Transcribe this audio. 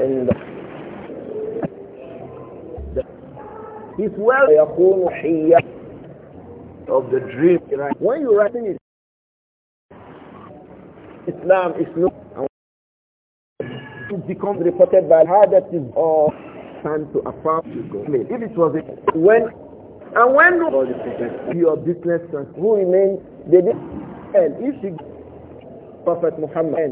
And the his well يكون of the dream when you writing it Islam is not it becomes reported by how that is all time to affirm to God. If it was a, when and when your business who remains they did and if you Prophet Muhammad